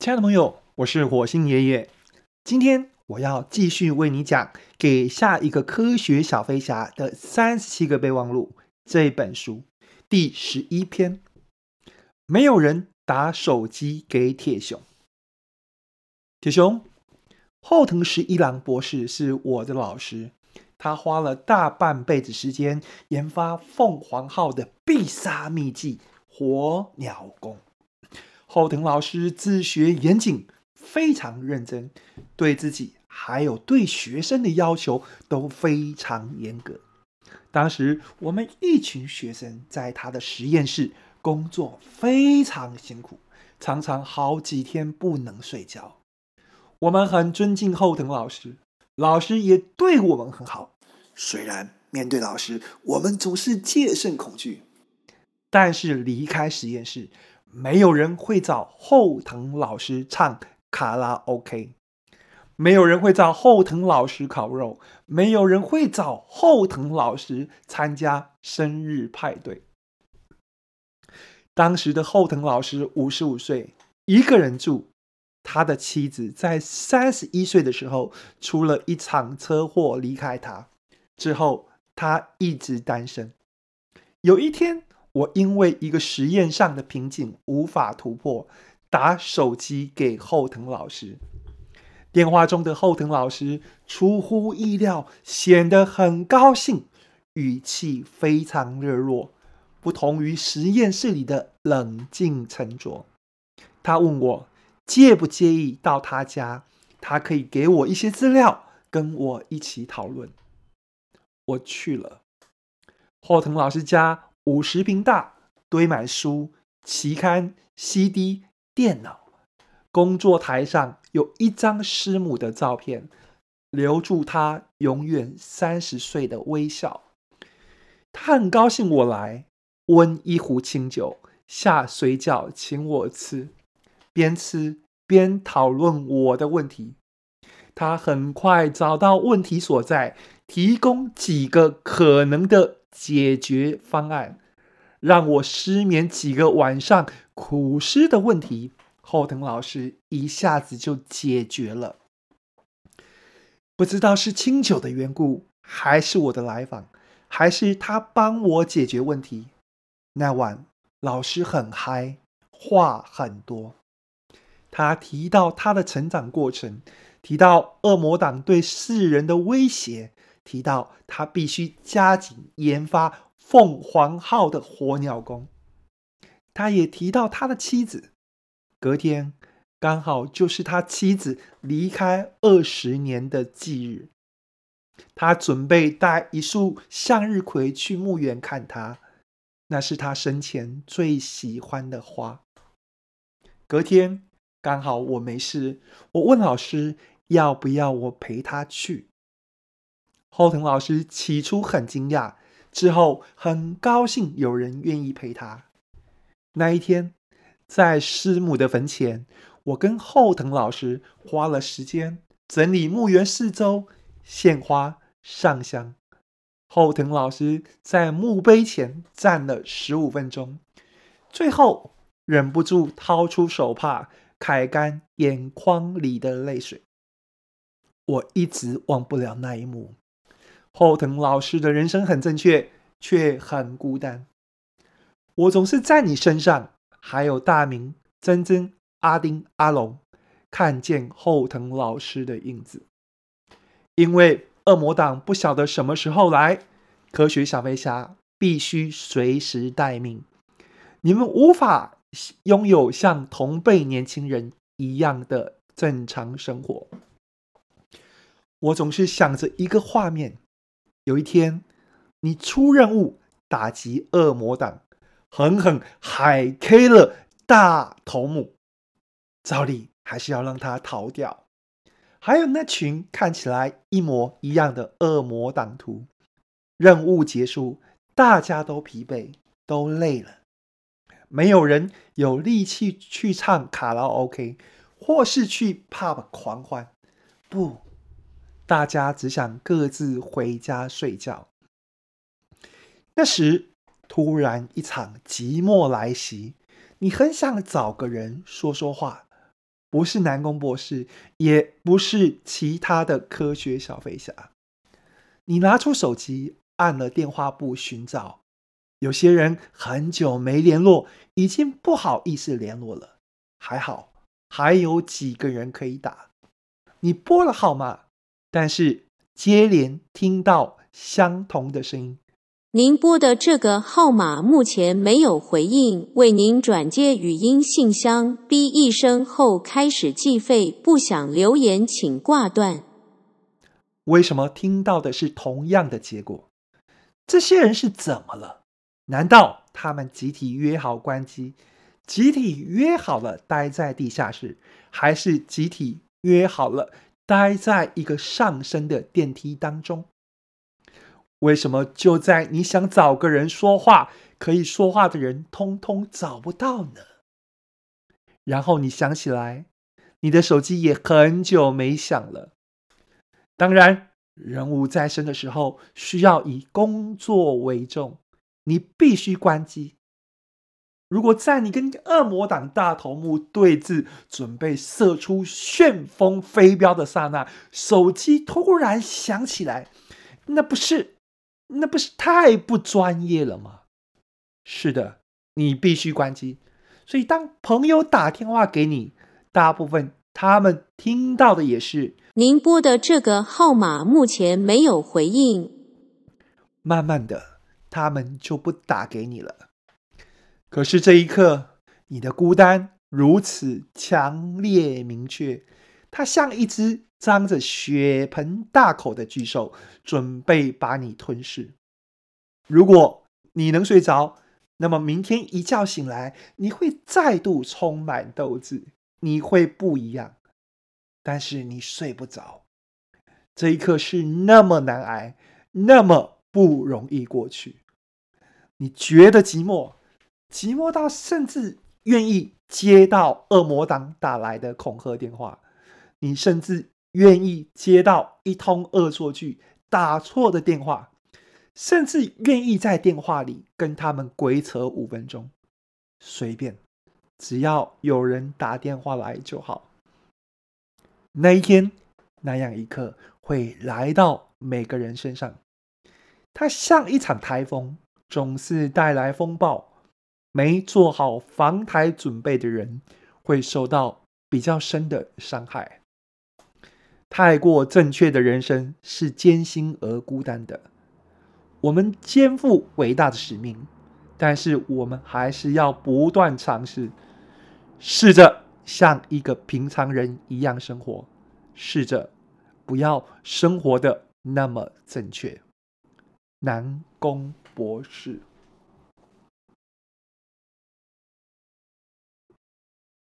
親愛的朋友，我是火星爺爺。今天我要繼續為你講《給下一個科學小飛俠的三十七個備忘錄》這本書第十一篇。沒有人打手機給鐵雄。鐵雄，後藤十一郎博士是我的老師，他花了大半輩子時間研發鳳凰號的必殺祕技——火鳥功。後藤老師治學嚴謹，非常認真，對自己還有對學生的要求都非常嚴格。當時我們一群學生在他的實驗室工作，非常辛苦，常常好幾天不能睡覺。我們很尊敬後藤老師，老師也對我們很好。雖然面對老師，我們總是戒慎恐懼，但是離開實驗室，沒有人會找後藤老師唱卡拉 OK，沒有人會找後藤老師烤肉，沒有人會找後藤老師參加生日派對。當時的後藤老師五十五歲，一個人住。他的妻子在三十一歲的時候出了一場車禍離開他，之後，他一直單身。有一天，我因為一個實驗上的瓶頸無法突破，打手機給後藤老師。電話中的後藤老師出乎意料，顯得很高興，語氣非常熱絡，不同於實驗室裡的冷靜沉着。他問我介不介意到他家，他可以給我一些資料，跟我一起討論。我去了後藤老師家。五十平大，堆滿書、期刊、CD、電腦。工作檯上有一張師母的照片，留住他永遠三十歲的微笑。他很高興我來，溫一壺清酒，下水餃請我吃，邊吃邊討論我的問題。他很快找到問題所在，提供幾個可能的解決方案。讓我失眠幾個晚上苦思的問題，後藤老師一下子就解決了。不知道是清酒的緣故，還是我的來訪，還是他幫我解決問題。那晚老師很嗨，話很多。他提到他的成長過程，提到惡魔黨對世人的威脅。提到他必須加緊研發“鳳凰號”的火鳥功。他也提到他的妻子，隔天剛好就是他妻子離開二十年的忌日。他準備帶一束向日葵去墓園看她，那是他生前最喜歡的花。隔天剛好我沒事，我問老師要不要我陪他去。後藤老師起初很驚訝，之後很高興有人願意陪他。那一天，在師母的墳前，我跟後藤老師花了時間整理墓園四周，獻花、上香。後藤老師在墓碑前站了十五分鐘，最後忍不住掏出手帕，揩乾眼眶裡的淚水。我一直忘不了那一幕。後藤老師的人生很正確，卻很孤單。我總是在你身上，還有大明、珍珍、阿丁、阿龍，看見後藤老師的影子。因為惡魔黨不曉得什麼時候來，科學小飛俠必須隨時待命。你們無法擁有像同輩年輕人一樣的正常生活。我總是想着一個畫面。有一天，你出任務打擊惡魔黨，狠狠海 K 了大頭目，照例還是要讓他逃掉。還有那群看起來一模一樣的惡魔黨徒，任務結束，大家都疲憊，都累了，沒有人有力氣去唱卡拉 OK，或是去 pub 狂歡。不。大家只想各自回家睡覺。那時突然一場寂寞來襲，你很想找個人說說話，不是南宮博士，也不是其他的科學小飛俠。你拿出手機，按了電話簿尋找。有些人很久沒聯絡，已經不好意思聯絡了。還好還有幾個人可以打。你撥了號碼。但是接連聽到相同的聲音。您撥的這個號碼目前沒有回應，為您轉接語音信箱。嗶一聲後開始計費，不想留言請掛斷。為什麼聽到的是同樣的結果？這些人是怎麼了？難道他們集體約好關機？集體約好了待在地下室？還是集體約好了？待在一個上升的電梯當中，為什麼就在你想找個人說話，可以說話的人通通找不到呢？然後你想起來，你的手機也很久沒響了。當然，任務在身的時候，需要以工作為重，你必須關機。如果在你跟惡魔黨大頭目對峙、準備射出旋風飛鏢的剎那，手機突然響起來，那不是，那不是太不專業了嗎？是的，你必須關機。所以，當朋友打電話給你，大部分他們聽到的也是“您撥的這個號碼目前沒有回應”。慢慢的，他們就不打給你了。可是這一刻，你的孤單如此強烈明確，它像一隻張着血盆大口的巨獸，準備把你吞噬。如果你能睡着，那麼明天一覺醒來，你會再度充滿鬥志，你會不一樣。但是你睡不着，這一刻是那麼難挨，那麼不容易過去。你覺得寂寞，寂寞到甚至願意接到惡魔黨打來的恐嚇電話，你甚至願意接到一通惡作劇打錯的電話，甚至願意在電話裡跟他們鬼扯五分鐘，隨便，只要有人打電話來就好。那一天，那樣一刻會來到每個人身上，它像一場台風，總是帶來風暴。沒做好防台準備的人會受到比較深的傷害。太過正確的人生是艱辛而孤單的。我們肩負偉大的使命，但是我們還是要不斷嘗試，試着像一個平常人一樣生活，試着不要生活得那麼正確。南宮博士。